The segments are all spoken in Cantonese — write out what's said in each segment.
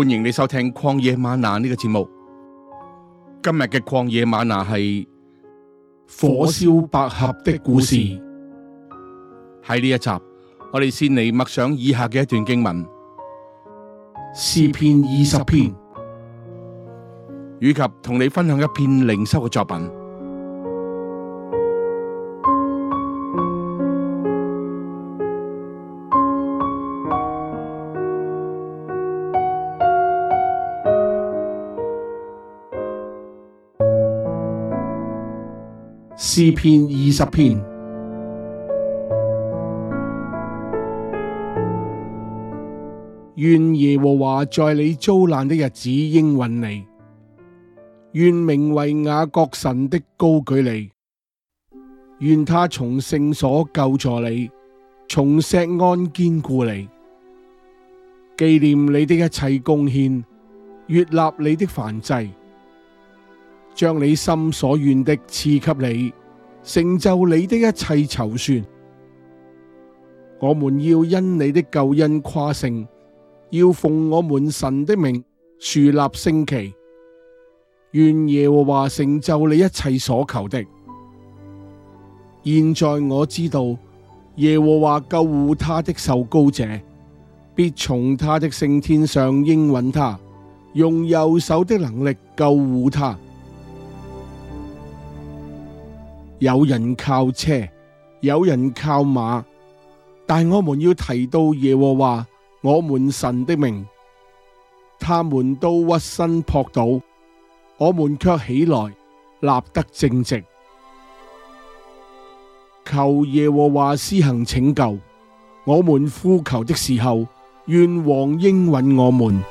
歡迎你收聽《曠野嗎哪》呢個節目。今日嘅《曠野嗎哪》係《火燒百合》的故事。喺呢一集，我哋先嚟默想以下嘅一段經文，詩篇二十篇，以及同你分享一篇靈修嘅作品。詩篇二十篇。願耶和華在你遭難的日子應允你，願名為雅各神的高舉你，願他從聖所救助你，從錫安堅固你，紀念你的一切供獻，悅納你的燔祭，將你心所願的賜給你，成就你的一切籌算，我們要因你的救恩誇勝，要奉我們神的名豎立聖旗。願耶和華成就你一切所求的。現在我知道耶和華救護他的受膏者，必從他的聖天上應允他，用右手的能力救護他。有人靠車，有人靠馬，但我們要提到耶和華我們神的名，他們都屈身仆倒，我們卻起來立得正直。求耶和華施行拯救，我們呼求的時候，願王應允我們。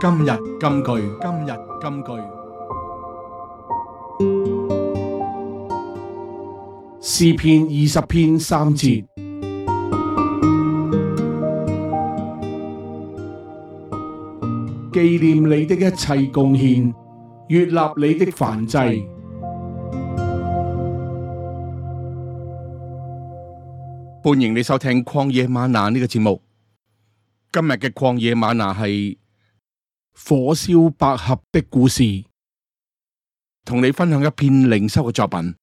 今日金句，今日金句，詩篇二十篇三節，記念你的一切供獻，悅納你的燔祭。歡迎你收聽曠野嗎哪呢個節目。今日嘅曠野嗎哪係。火燒百合的故事，同你分享一篇靈修嘅作品。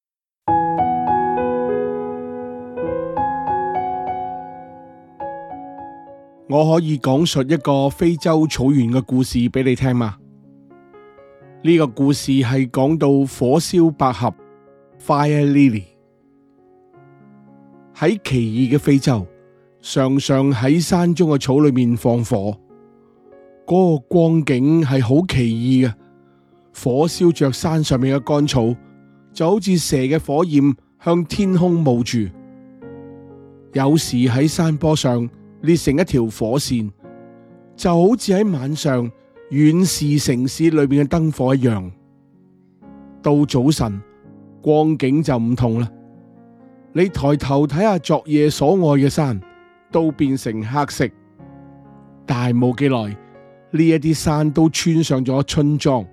我可以講述一個非洲草原嘅故事俾你聽嗎？呢個故事係講到火燒百合 （Fire Lily） 喺奇異嘅非洲，常常喺山中嘅草裏面放火。嗰個光景係好奇異嘅，火燒着山上面嘅乾草，就好似蛇嘅火焰向天空冒住。有時喺山坡上裂成一條火線，就好似喺晚上遠視城市裏面嘅燈火一樣。到早晨，光景就唔同啦。你抬頭睇下昨夜所愛嘅山，都變成黑色。但係冇幾耐。呢一啲山都穿上咗春裝，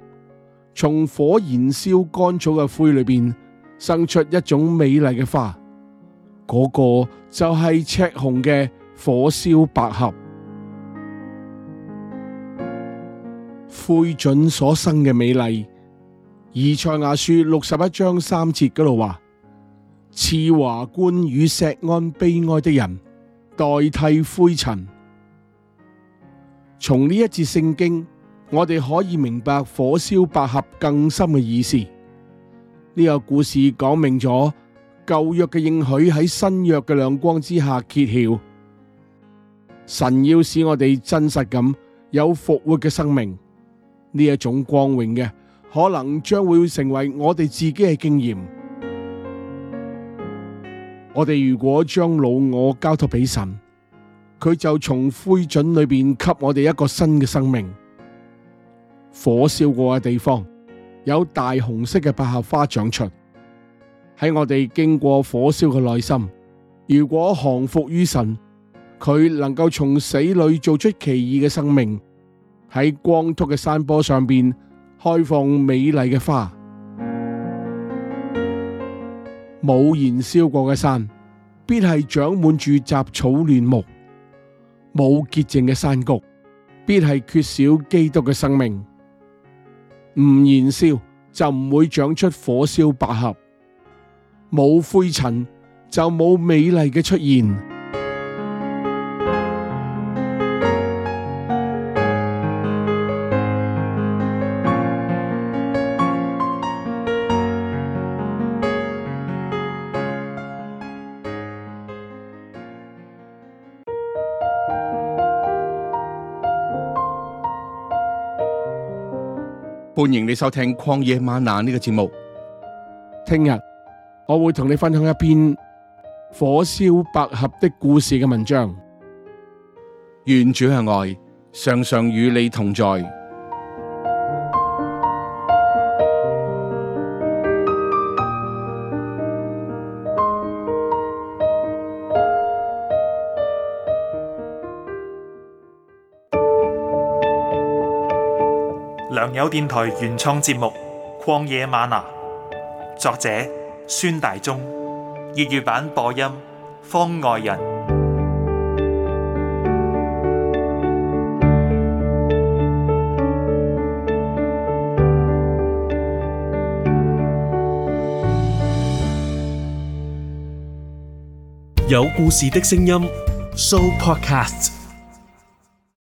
從火燃燒乾草嘅灰裏邊生出一種美麗嘅花，嗰、那個就係赤紅嘅火燒百合。灰燼所生嘅美麗。以賽亞書六十一章三節嗰度話：賜華冠與錫安悲哀的人，代替灰塵。從呢一節聖經，我哋可以明白火燒百合更深嘅意思。呢、呢個故事講明咗舊約嘅應許喺新約嘅亮光之下揭曉。神要使我哋真實咁有復活嘅生命，呢一種光榮嘅可能將會成為我哋自己嘅經驗。我哋如果將老我交託俾神，佢就從灰燼裏邊給我哋一個新嘅生命。火燒過嘅地方，有大紅色嘅百合花長出。喺我哋經過火燒嘅內心，如果降服於神，佢能夠從死裏做出奇異嘅生命。喺光禿嘅山坡上邊，開放美麗嘅花。冇燃燒過嘅山，必係長滿住雜草亂木。冇潔淨嘅山谷，必係缺少基督嘅生命；唔燃燒，就唔會長出火燒百合；冇灰塵，就冇美麗嘅出現。歡迎你收聽曠野嗎哪呢個節目。聽日我會同你分享一篇《火燒百合》的故事嘅文章。願主嘅愛常常與你同在。良友電台原創節目《曠野嗎哪》，作者孫大中，粵語版播音方外人，有故事的聲音，Show Podcast。